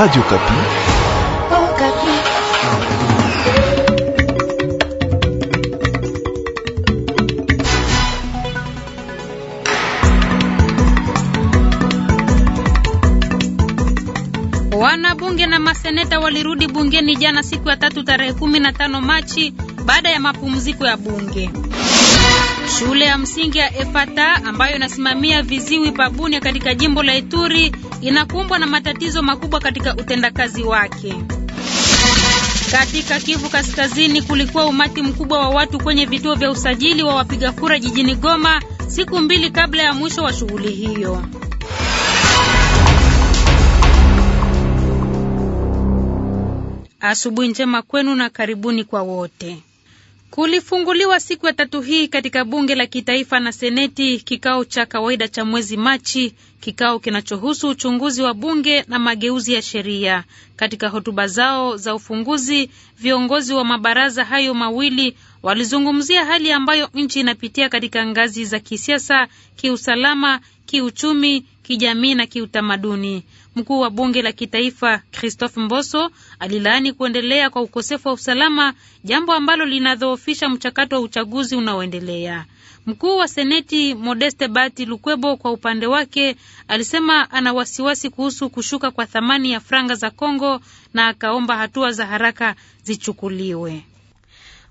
Radio Kapi. Oh, Kapi. Wanabunge na maseneta walirudi bungeni jana siku ya tatu tarehe 15 Machi baada ya mapumziko ya bunge. Shule ya msingi ya Efata ambayo inasimamia viziwi Pabunia katika jimbo la Ituri inakumbwa na matatizo makubwa katika utendakazi wake. Katika Kivu Kaskazini kulikuwa umati mkubwa wa watu kwenye vituo vya usajili wa wapiga kura jijini Goma siku mbili kabla ya mwisho wa shughuli hiyo. Asubuhi njema kwenu na karibuni kwa wote. Kulifunguliwa siku ya tatu hii katika bunge la kitaifa na seneti kikao cha kawaida cha mwezi Machi, kikao kinachohusu uchunguzi wa bunge na mageuzi ya sheria. Katika hotuba zao za ufunguzi, viongozi wa mabaraza hayo mawili walizungumzia hali ambayo nchi inapitia katika ngazi za kisiasa, kiusalama, kiuchumi, kijamii na kiutamaduni. Mkuu wa bunge la kitaifa Christophe Mboso alilaani kuendelea kwa ukosefu wa usalama, jambo ambalo linadhoofisha mchakato wa uchaguzi unaoendelea. Mkuu wa seneti Modeste Bati Lukwebo kwa upande wake alisema ana wasiwasi kuhusu kushuka kwa thamani ya franga za Kongo na akaomba hatua za haraka zichukuliwe.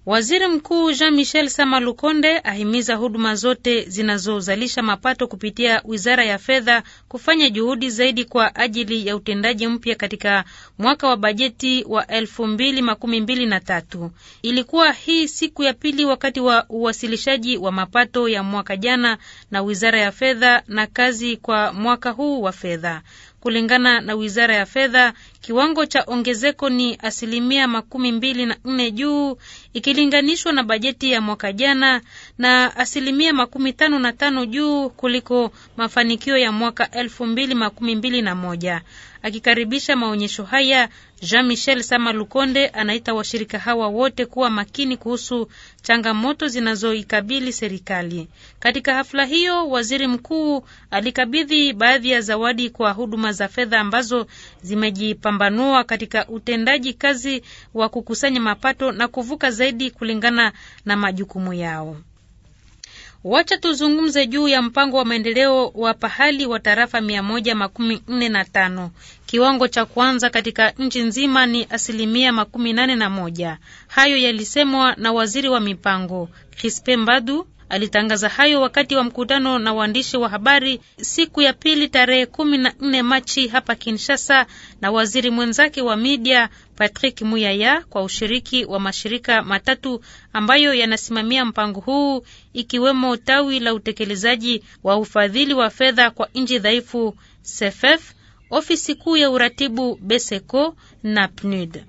Waziri Mkuu Jean Michel Sama Lukonde ahimiza huduma zote zinazozalisha mapato kupitia wizara ya fedha kufanya juhudi zaidi kwa ajili ya utendaji mpya katika mwaka wa bajeti wa elfu mbili makumi mbili na tatu. Ilikuwa hii siku ya pili wakati wa uwasilishaji wa mapato ya mwaka jana na wizara ya fedha na kazi kwa mwaka huu wa fedha. Kulingana na wizara ya fedha, kiwango cha ongezeko ni asilimia makumi mbili na nne juu ikilinganishwa na bajeti ya mwaka jana na asilimia makumi tano na tano juu kuliko mafanikio ya mwaka elfu mbili makumi mbili na moja. Akikaribisha maonyesho haya Jean Michel Sama Lukonde anaita washirika hawa wote kuwa makini kuhusu changamoto zinazoikabili serikali. Katika hafla hiyo, waziri mkuu alikabidhi baadhi ya zawadi kwa huduma za fedha ambazo zimejipambanua katika utendaji kazi wa kukusanya mapato na kuvuka zaidi kulingana na majukumu yao. Wacha tuzungumze juu ya mpango wa maendeleo wa pahali wa tarafa mia moja makumi nne na tano. Kiwango cha kwanza katika nchi nzima ni asilimia makumi nane na moja. Hayo yalisemwa na waziri wa mipango Crispe Mbadu. Alitangaza hayo wakati wa mkutano na waandishi wa habari siku ya pili tarehe kumi na nne Machi hapa Kinshasa na waziri mwenzake wa midia Patrick Muyaya kwa ushiriki wa mashirika matatu ambayo yanasimamia mpango huu ikiwemo tawi la utekelezaji wa ufadhili wa fedha kwa nchi dhaifu SFF, ofisi kuu ya uratibu Beseko na PNUD.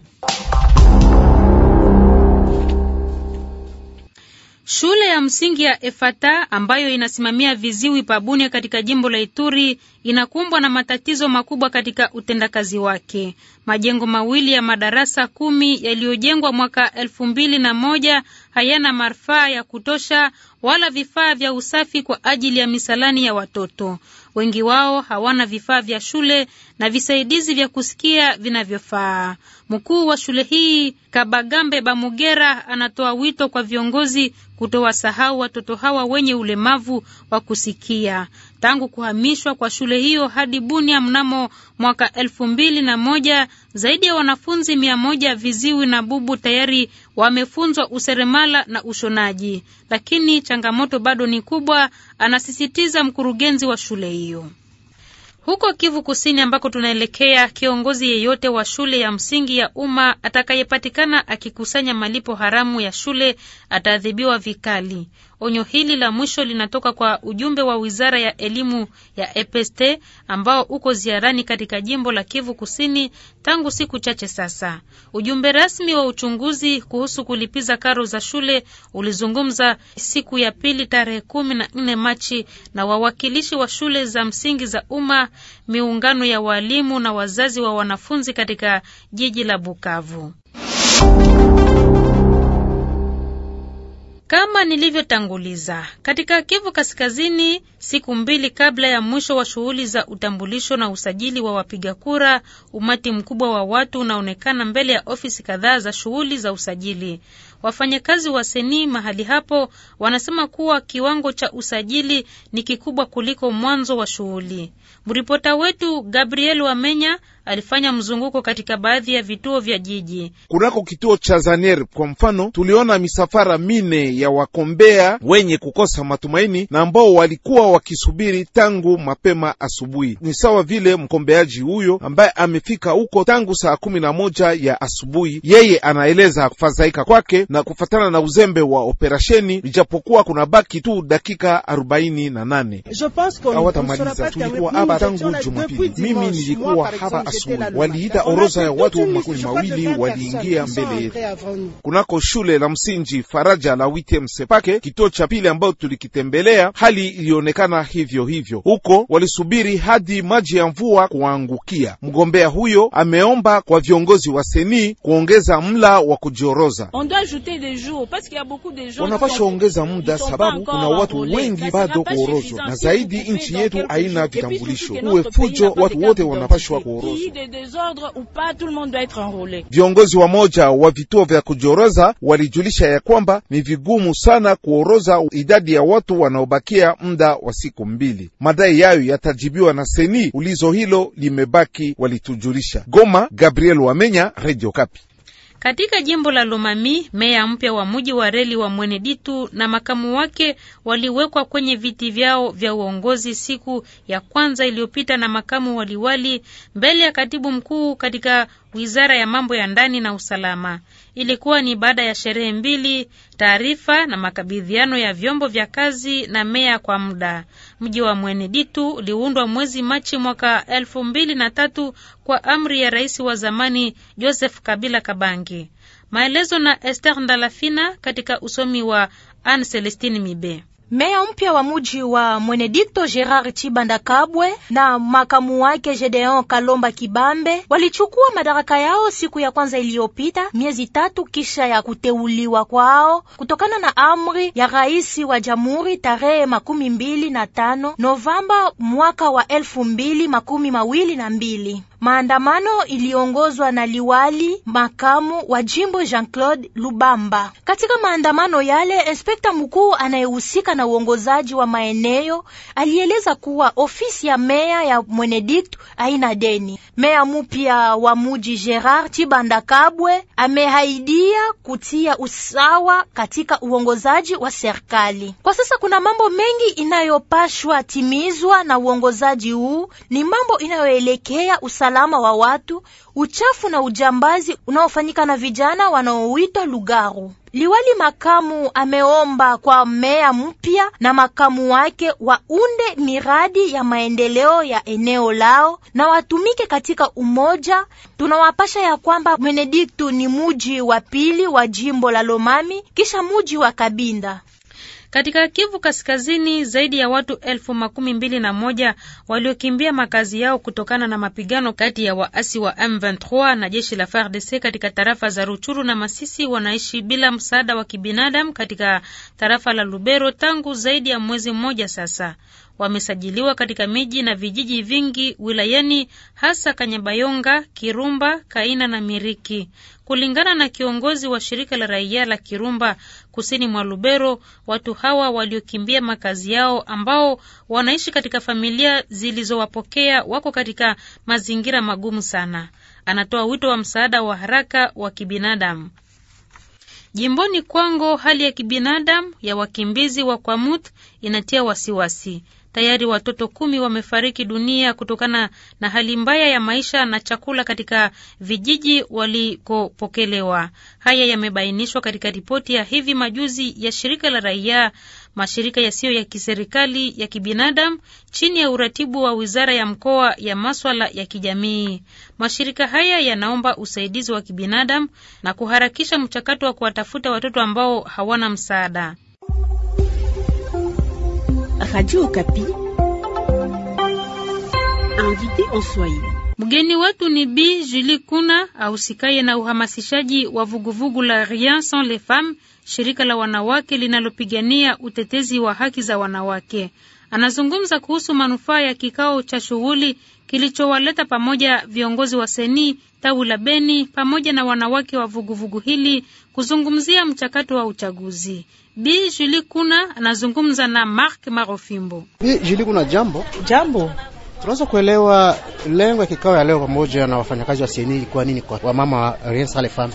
Shule ya msingi ya Efata ambayo inasimamia viziwi Pabunia katika jimbo la Ituri inakumbwa na matatizo makubwa katika utendakazi wake. Majengo mawili ya madarasa kumi yaliyojengwa mwaka elfu mbili na moja hayana marfaa ya kutosha wala vifaa vya usafi kwa ajili ya misalani ya watoto. Wengi wao hawana vifaa vya shule na visaidizi vya kusikia vinavyofaa. Mkuu wa shule hii Kabagambe Bamugera anatoa wito kwa viongozi kutowasahau watoto hawa wenye ulemavu wa kusikia. Tangu kuhamishwa kwa shule hiyo hadi Bunia mnamo mwaka elfu mbili na moja, zaidi ya wanafunzi mia moja viziwi na bubu tayari wamefunzwa useremala na ushonaji, lakini changamoto bado ni kubwa, anasisitiza mkurugenzi wa shule hiyo. Huko Kivu Kusini ambako tunaelekea, kiongozi yeyote wa shule ya msingi ya umma atakayepatikana akikusanya malipo haramu ya shule ataadhibiwa vikali. Onyo hili la mwisho linatoka kwa ujumbe wa wizara ya elimu ya EPST ambao uko ziarani katika jimbo la Kivu Kusini tangu siku chache sasa. Ujumbe rasmi wa uchunguzi kuhusu kulipiza karo za shule ulizungumza siku ya pili tarehe kumi na nne Machi na wawakilishi wa shule za msingi za umma, miungano ya walimu na wazazi wa wanafunzi katika jiji la Bukavu. Kama nilivyotanguliza katika Kivu Kaskazini, siku mbili kabla ya mwisho wa shughuli za utambulisho na usajili wa wapiga kura, umati mkubwa wa watu unaonekana mbele ya ofisi kadhaa za shughuli za usajili. Wafanyakazi wa seni mahali hapo wanasema kuwa kiwango cha usajili ni kikubwa kuliko mwanzo wa shughuli. Mripota wetu Gabriel Wamenya alifanya mzunguko katika baadhi ya vituo vya jiji. Kunako kituo cha Zanier kwa mfano, tuliona misafara mine ya wakombea wenye kukosa matumaini na ambao walikuwa wakisubiri tangu mapema asubuhi. Ni sawa vile mkombeaji huyo ambaye amefika huko tangu saa kumi na moja ya asubuhi, yeye anaeleza kufadhaika kwake na kufatana na uzembe wa operasheni, ijapokuwa kuna baki tu dakika arobaini na nane hawatamaliza. Tulikuwa hapa tangu Jumapili, mimi nilikuwa hapa asubuhi waliita orodha ya watu makumi mawili waliingia mbele yetu kunako shule la msingi Faraja la witem Sepake, kituo cha pili ambayo tulikitembelea. Hali ilionekana hivyo hivyo huko, walisubiri hadi maji ya mvua kuangukia. Mgombea huyo ameomba kwa viongozi wa seni kuongeza mla wa kujioroza, wanapasha ongeza muda sababu kuna watu wengi bado kuorozwa, na zaidi nchi yetu haina vitambulisho. Uwe fujo, watu wote wanapashwa kuorozwa des désordres ou pas, tout le monde doit être enrôlé. Viongozi wa moja wa vituo vya kujioroza walijulisha ya kwamba ni vigumu sana kuoroza idadi ya watu wanaobakia muda wa siku mbili. Madai yayo yatajibiwa na seni ulizo hilo limebaki, walitujulisha. Goma, Gabriel Wamenya, Radio Kapi. Katika jimbo la Lomami, meya mpya wa mji wa reli wa Mweneditu na makamu wake waliwekwa kwenye viti vyao vya uongozi siku ya kwanza iliyopita na makamu waliwali mbele ya katibu mkuu katika wizara ya mambo ya ndani na usalama ilikuwa ni baada ya sherehe mbili, taarifa na makabidhiano ya vyombo vya kazi na meya kwa muda. Mji wa Mweneditu uliundwa mwezi Machi mwaka elfu mbili na tatu kwa amri ya rais wa zamani Joseph Kabila kabangi Maelezo na Esther Ndalafina katika usomi wa Anne Celestine Mibe. Meya mpya wa muji wa Mwenedikto Gerard Chibanda Kabwe na makamu wake Gedeon Kalomba Kibambe walichukua madaraka yao siku ya kwanza iliyopita, miezi tatu kisha ya kuteuliwa kwao kutokana na amri ya rais wa jamhuri tarehe makumi mbili na tano Novemba mwaka wa elfu mbili makumi mawili na mbili. Maandamano iliongozwa na liwali makamu wa jimbo Jean-Claude Lubamba. Katika maandamano yale, inspekta mkuu anayehusika na uongozaji wa maeneo alieleza kuwa ofisi ya meya ya Mwenedikt haina deni. Meya mupya wa muji Gerard Chibanda Kabwe amehaidia kutia usawa katika uongozaji wa serikali. Kwa sasa kuna mambo mengi inayopashwa timizwa na uongozaji huu, ni mambo inayoelekea usalama usalama wa watu, uchafu na ujambazi unaofanyika na vijana wanaoitwa Lugaru. Liwali makamu ameomba kwa meya mpya na makamu wake waunde miradi ya maendeleo ya eneo lao na watumike katika umoja. Tunawapasha ya kwamba benediktu ni muji wa pili wa jimbo la Lomami kisha muji wa Kabinda. Katika Kivu Kaskazini, zaidi ya watu elfu makumi mbili na moja waliokimbia makazi yao kutokana na mapigano kati ya waasi wa M23 na jeshi la FARDC katika tarafa za Ruchuru na Masisi wanaishi bila msaada wa kibinadamu katika tarafa la Lubero tangu zaidi ya mwezi mmoja sasa wamesajiliwa katika miji na vijiji vingi wilayani hasa Kanyabayonga, Kirumba, Kaina na Miriki. Kulingana na kiongozi wa shirika la raia la Kirumba kusini mwa Lubero, watu hawa waliokimbia makazi yao ambao wanaishi katika familia zilizowapokea wako katika mazingira magumu sana. Anatoa wito wa msaada wa haraka wa kibinadamu. Jimboni Kwango, hali ya kibinadamu ya wakimbizi wa Kwamuth inatia wasiwasi tayari watoto kumi wamefariki dunia kutokana na hali mbaya ya maisha na chakula katika vijiji walikopokelewa. Haya yamebainishwa katika ripoti ya hivi majuzi ya shirika la raia, mashirika yasiyo ya kiserikali ya kibinadamu chini ya uratibu wa wizara ya mkoa ya maswala ya kijamii. Mashirika haya yanaomba usaidizi wa kibinadamu na kuharakisha mchakato wa kuwatafuta watoto ambao hawana msaada. Radio Okapi. Invité en Swahili. Mgeni wetu ni Bi Julie Kuna ahusikaye na uhamasishaji wa vuguvugu la Rien sans les femmes, shirika la wanawake linalopigania utetezi wa haki za wanawake. Anazungumza kuhusu manufaa ya kikao cha shughuli kilichowaleta pamoja viongozi wa seni tawi la Beni pamoja na wanawake wa vuguvugu hili kuzungumzia mchakato wa uchaguzi. Bi Juli Kuna anazungumza na Mark Marofimbo. Bi Juli Kuna, jambo jambo. Tunaweza kuelewa lengo ya kikao ya leo pamoja na wafanyakazi wa seni kwa nini, kwa wamama wa Rien Salefam?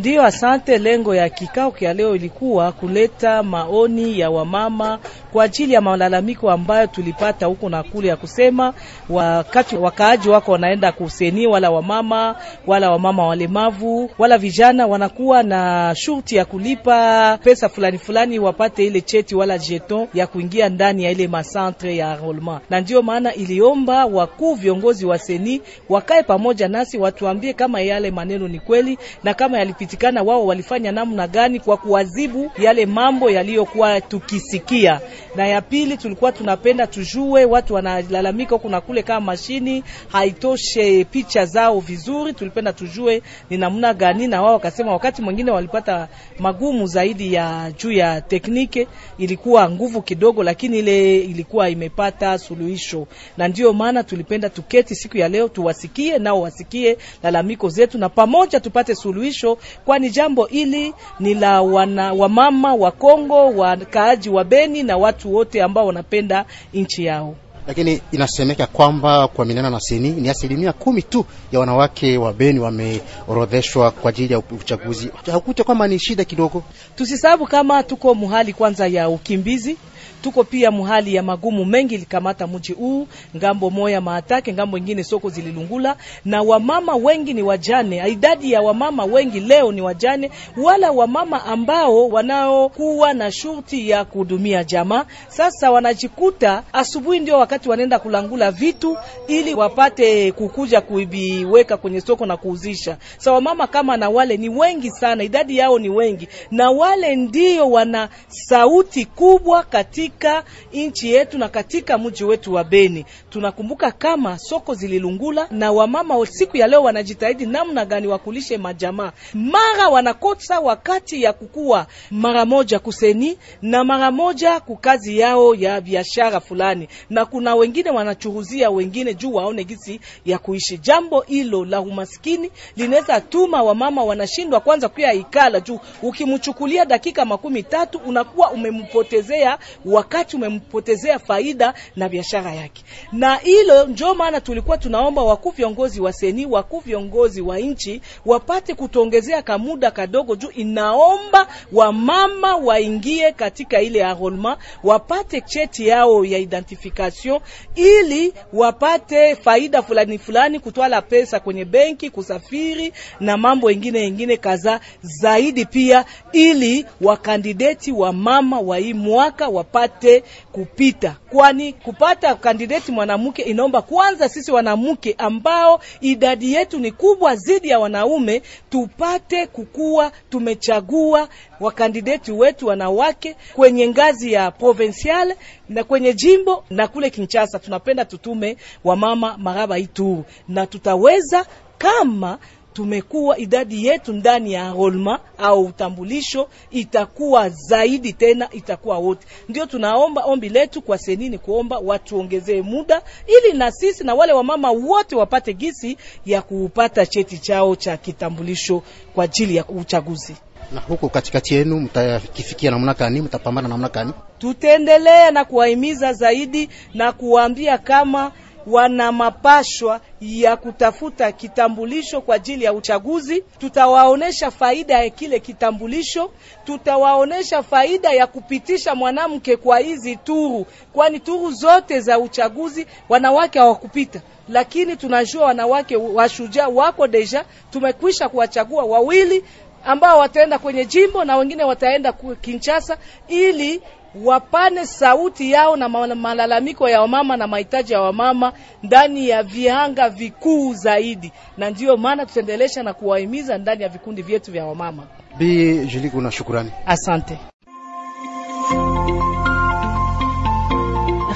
Ndiyo, asante. Lengo ya kikao kia leo ilikuwa kuleta maoni ya wamama kwa ajili ya malalamiko ambayo tulipata huko na kule, ya kusema wakati wakaaji wako wanaenda kuseni, wala wamama wala wamama walemavu wala vijana wanakuwa na shurti ya kulipa pesa fulani fulani, wapate ile cheti wala jeton ya kuingia ndani ya ile masantre ya rolma, na ndiyo maana iliomba wakuu viongozi wa seni wakae pamoja nasi watuambie kama yale maneno ni kweli na kama yalipitia kupatikana wao walifanya namna gani kwa kuwazibu yale mambo yaliyokuwa tukisikia. Na ya pili, tulikuwa tunapenda tujue watu wanalalamika huku na kule, kama mashini haitoshe picha zao vizuri, tulipenda tujue ni namna gani, na wao wakasema wakati mwingine walipata magumu zaidi ya juu ya teknike, ilikuwa nguvu kidogo, lakini ile ilikuwa imepata suluhisho, na ndio maana tulipenda tuketi siku ya leo tuwasikie nao wasikie lalamiko zetu, na pamoja tupate suluhisho kwani jambo hili ni la wana, wamama wa Kongo, wakaaji wa Beni na watu wote ambao wanapenda nchi yao lakini inasemeka kwamba kwa minana na seni ni asilimia kumi tu ya wanawake wa Beni wameorodheshwa kwa ajili ya uchaguzi. Hakuta kwamba ni shida kidogo. Tusisahau kama tuko muhali kwanza ya ukimbizi Tuko pia muhali ya magumu mengi likamata mji huu, ngambo moya maatake, ngambo ingine soko zililungula, na wamama wengi ni wajane. Idadi ya wamama wengi leo ni wajane, wala wamama ambao wanaokuwa na shurti ya kuhudumia jamaa. Sasa wanajikuta asubuhi ndio wakati wanaenda kulangula vitu ili wapate kukuja kuibiweka kwenye soko na kuuzisha. Sa wamama kama na wale ni wengi sana, idadi yao ni wengi, na wale ndio wana sauti kubwa katika katika nchi yetu na katika mji wetu wa Beni. Tunakumbuka kama soko zililungula na wamama siku ya leo wanajitahidi namna gani wakulishe majamaa, mara wanakosa wakati ya kukua mara moja kuseni na mara moja kukazi yao ya biashara fulani, na kuna wengine wanachuruzia wengine juu waone gisi ya kuishi. Jambo hilo la umaskini linaweza tuma wamama wanashindwa kwanza kuya ikala juu, ukimchukulia dakika makumi tatu unakuwa umempotezea wa wakati umempotezea faida na biashara yake. Na hilo ndio maana tulikuwa tunaomba wakuu viongozi wa seni, wakuu viongozi wa nchi wapate kutuongezea kamuda kadogo, juu inaomba wamama waingie katika ile arolma, wapate cheti yao ya identification ili wapate faida fulani fulani, kutwala pesa kwenye benki, kusafiri na mambo ingine ingine kaza zaidi, pia ili wakandideti wa mama wa hii mwaka wapate tupate kupita, kwani kupata kandideti mwanamke inaomba kwanza sisi wanamke ambao idadi yetu ni kubwa zidi ya wanaume tupate kukua. Tumechagua wakandideti wetu wanawake kwenye ngazi ya provincial na kwenye jimbo na kule Kinshasa. Tunapenda tutume wamama maraba itu na tutaweza kama tumekuwa idadi yetu ndani ya rolma au utambulisho itakuwa zaidi tena, itakuwa wote. Ndio tunaomba ombi letu kwa senini kuomba watuongezee muda, ili na sisi na wale wamama wote wapate gisi ya kupata cheti chao cha kitambulisho kwa ajili ya uchaguzi na huko katikati yenu mtakifikia namna gani? Mtapambana namna gani? Tutaendelea na kuwahimiza zaidi na kuwaambia kama wana mapashwa ya kutafuta kitambulisho kwa ajili ya uchaguzi. Tutawaonesha faida ya kile kitambulisho, tutawaonesha faida ya kupitisha mwanamke kwa hizi turu, kwani turu zote za uchaguzi wanawake hawakupita, lakini tunajua wanawake washujaa wako deja, tumekwisha kuwachagua wawili ambao wataenda kwenye jimbo na wengine wataenda Kinshasa ili wapane sauti yao na malalamiko ya wamama na mahitaji ya wamama ndani ya vianga vikuu zaidi, na ndiyo maana tutaendelesha na kuwahimiza ndani ya vikundi vyetu vya wamama. Bi jiliku na shukurani, asante.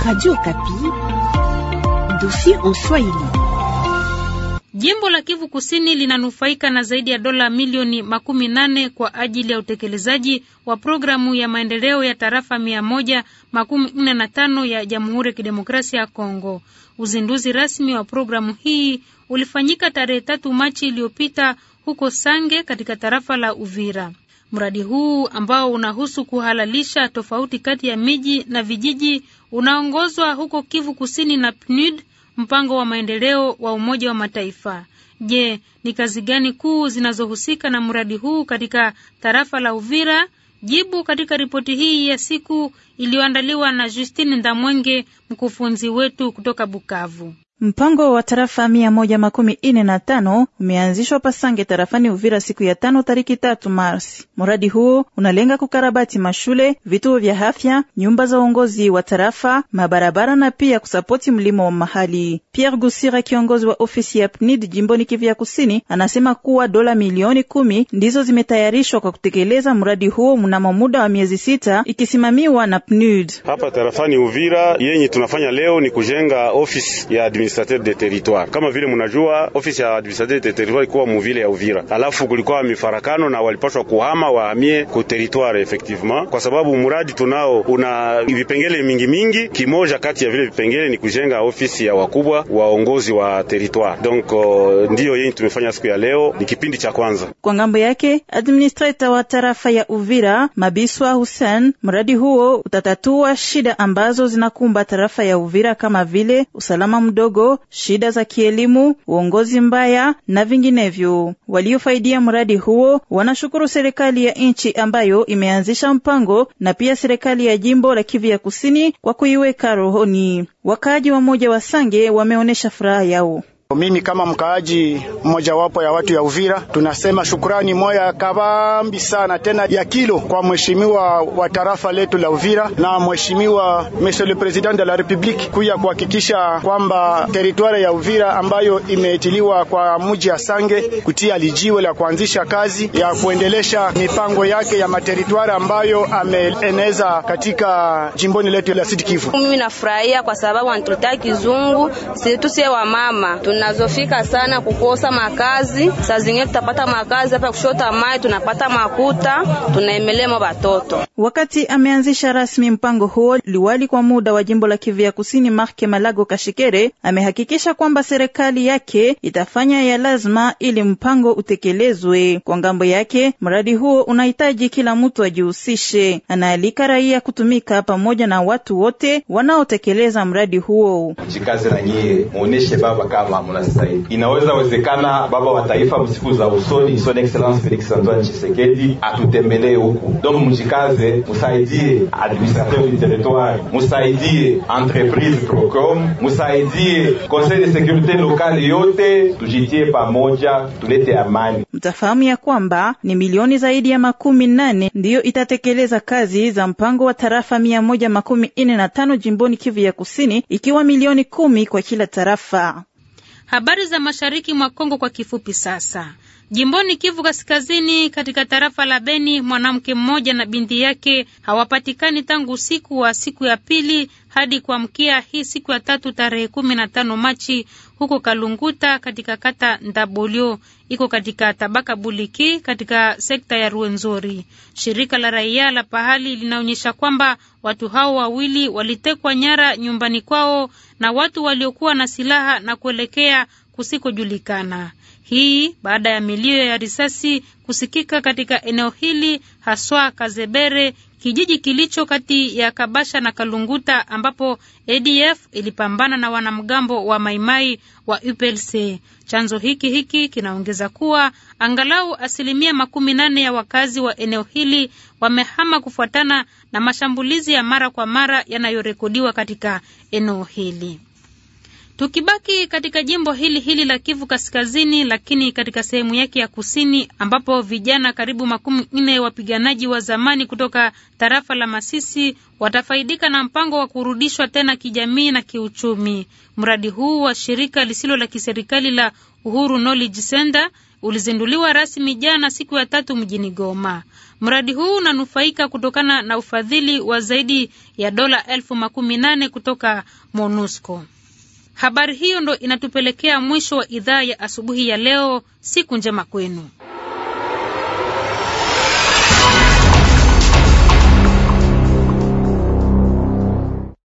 Radio Kapi, dossier en Swahili. Jimbo la Kivu Kusini linanufaika na zaidi ya dola milioni makumi nane kwa ajili ya utekelezaji wa programu ya maendeleo ya tarafa mia moja makumi nne na tano ya Jamhuri ya Kidemokrasia ya Kongo. Uzinduzi rasmi wa programu hii ulifanyika tarehe tatu Machi iliyopita huko Sange katika tarafa la Uvira. Mradi huu ambao unahusu kuhalalisha tofauti kati ya miji na vijiji unaongozwa huko Kivu Kusini na PNUD mpango wa maendeleo wa Umoja wa Mataifa. Je, ni kazi gani kuu zinazohusika na mradi huu katika tarafa la Uvira? Jibu katika ripoti hii ya siku iliyoandaliwa na Justine Ndamwenge, mkufunzi wetu kutoka Bukavu. Mpango wa tarafa mia moja makumi ine na tano umeanzishwa Pasange tarafani Uvira siku ya tano tariki tatu Marsi. Mradi huo unalenga kukarabati mashule, vituo vya afya, nyumba za uongozi wa tarafa, mabarabara na pia kusapoti mlimo wa mahali. Pierre Gusira, kiongozi wa ofisi ya PNID jimboni Kivu ya Kusini, anasema kuwa dola milioni kumi ndizo zimetayarishwa kwa kutekeleza mradi huo mnamo muda wa miezi sita, ikisimamiwa na PNUD hapa tarafani Uvira. Yenye tunafanya leo ni kujenga ofisi ya administration administrateur de territoire. Kama vile mnajua, ofisi ya administrateur de territoire ilikuwa muvile ya Uvira, alafu kulikuwa mifarakano na walipashwa kuhama wahamie ku territoire effectivement, kwa sababu mradi tunao una vipengele mingi mingi. Kimoja kati ya vile vipengele ni kujenga ofisi ya wakubwa waongozi wa territoire. Donc uh, ndiyo yenye tumefanya siku ya leo, ni kipindi cha kwanza. Kwa ngambo yake administrator wa tarafa ya Uvira Mabiswa Hussein, mradi huo utatatua shida ambazo zinakumba tarafa ya Uvira kama vile usalama mdogo kidogo, shida za kielimu, uongozi mbaya na vinginevyo. Waliofaidia mradi huo wanashukuru serikali ya nchi ambayo imeanzisha mpango na pia serikali ya jimbo la Kivu ya Kusini kwa kuiweka rohoni. Wakaaji wa moja wa Sange wameonyesha furaha yao. Mimi kama mkaaji mmojawapo ya watu ya Uvira, tunasema shukrani moya kabambi sana tena ya kilo kwa mheshimiwa wa tarafa letu la Uvira na mheshimiwa Monsieur le President de la Republique kuya kuhakikisha kwamba teritwari ya Uvira ambayo imeitiliwa kwa muji ya Sange kutia lijiwe la kuanzisha kazi ya kuendelesha mipango yake ya materitwari ambayo ameeneza katika jimboni letu la Sud Kivu. Mimi nafurahia kwa sababu anatutaki zungu sisi tu wa mama tuna zinazofika sana kukosa makazi. Saa zingine tutapata makazi hapa, kushota mai tunapata makuta, tunaemelema watoto. Wakati ameanzisha rasmi mpango huo, liwali kwa muda wa jimbo la Kivu ya Kusini Marke Malago Kashikere amehakikisha kwamba serikali yake itafanya ya lazima ili mpango utekelezwe. Kwa ngambo yake, mradi huo unahitaji kila mtu ajihusishe. Anaalika raia kutumika pamoja na watu wote wanaotekeleza mradi huo. Jikazi na nyie muoneshe baba kama mnastahili. Inaweza wezekana baba wa taifa msiku za usoni Son Excellence Felix Antoine Tshisekedi atutembelee huku, donc mjikaze, musaidie administrateur du territoire, musaidie entreprise Procom, musaidie conseil de securite lokale yote tujitie pamoja, tulete amani. Mtafahamu ya kwamba ni milioni zaidi ya makumi nane ndiyo itatekeleza kazi za mpango wa tarafa mia moja makumi nne na tano jimboni Kivu ya Kusini, ikiwa milioni kumi kwa kila tarafa. Habari za mashariki mwa Kongo kwa kifupi sasa. Jimboni Kivu Kaskazini, katika tarafa la Beni, mwanamke mmoja na binti yake hawapatikani tangu usiku wa siku ya pili hadi kuamkia hii siku ya tatu tarehe kumi na tano Machi huko Kalunguta katika kata Ndabolio iko katika tabaka Buliki katika sekta ya Ruenzori. Shirika la raia la pahali linaonyesha kwamba watu hao wawili walitekwa nyara nyumbani kwao na watu waliokuwa na silaha na kuelekea kusikojulikana. Hii baada ya milio ya risasi kusikika katika eneo hili haswa Kazebere, kijiji kilicho kati ya Kabasha na Kalunguta, ambapo ADF ilipambana na wanamgambo wa Maimai wa UPLC. Chanzo hiki hiki kinaongeza kuwa angalau asilimia makumi nane ya wakazi wa eneo hili wamehama kufuatana na mashambulizi ya mara kwa mara yanayorekodiwa katika eneo hili. Tukibaki katika jimbo hili hili la Kivu Kaskazini, lakini katika sehemu yake ya kusini, ambapo vijana karibu makumi nne wapiganaji wa zamani kutoka tarafa la Masisi watafaidika na mpango wa kurudishwa tena kijamii na kiuchumi. Mradi huu wa shirika lisilo la kiserikali la Uhuru Knowledge Center ulizinduliwa rasmi jana siku ya tatu mjini Goma. Mradi huu unanufaika kutokana na ufadhili wa zaidi ya dola elfu makumi nane kutoka MONUSCO. Habari hiyo ndo inatupelekea mwisho wa idhaa ya asubuhi ya leo. Siku njema kwenu.